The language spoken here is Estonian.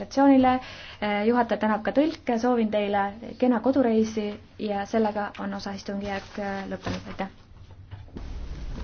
administratsioonile, eh, juhataja tänab ka tõlke, soovin teile kena kodureisi ja sellega on osa istungijärk eh, lõppenud, aitäh!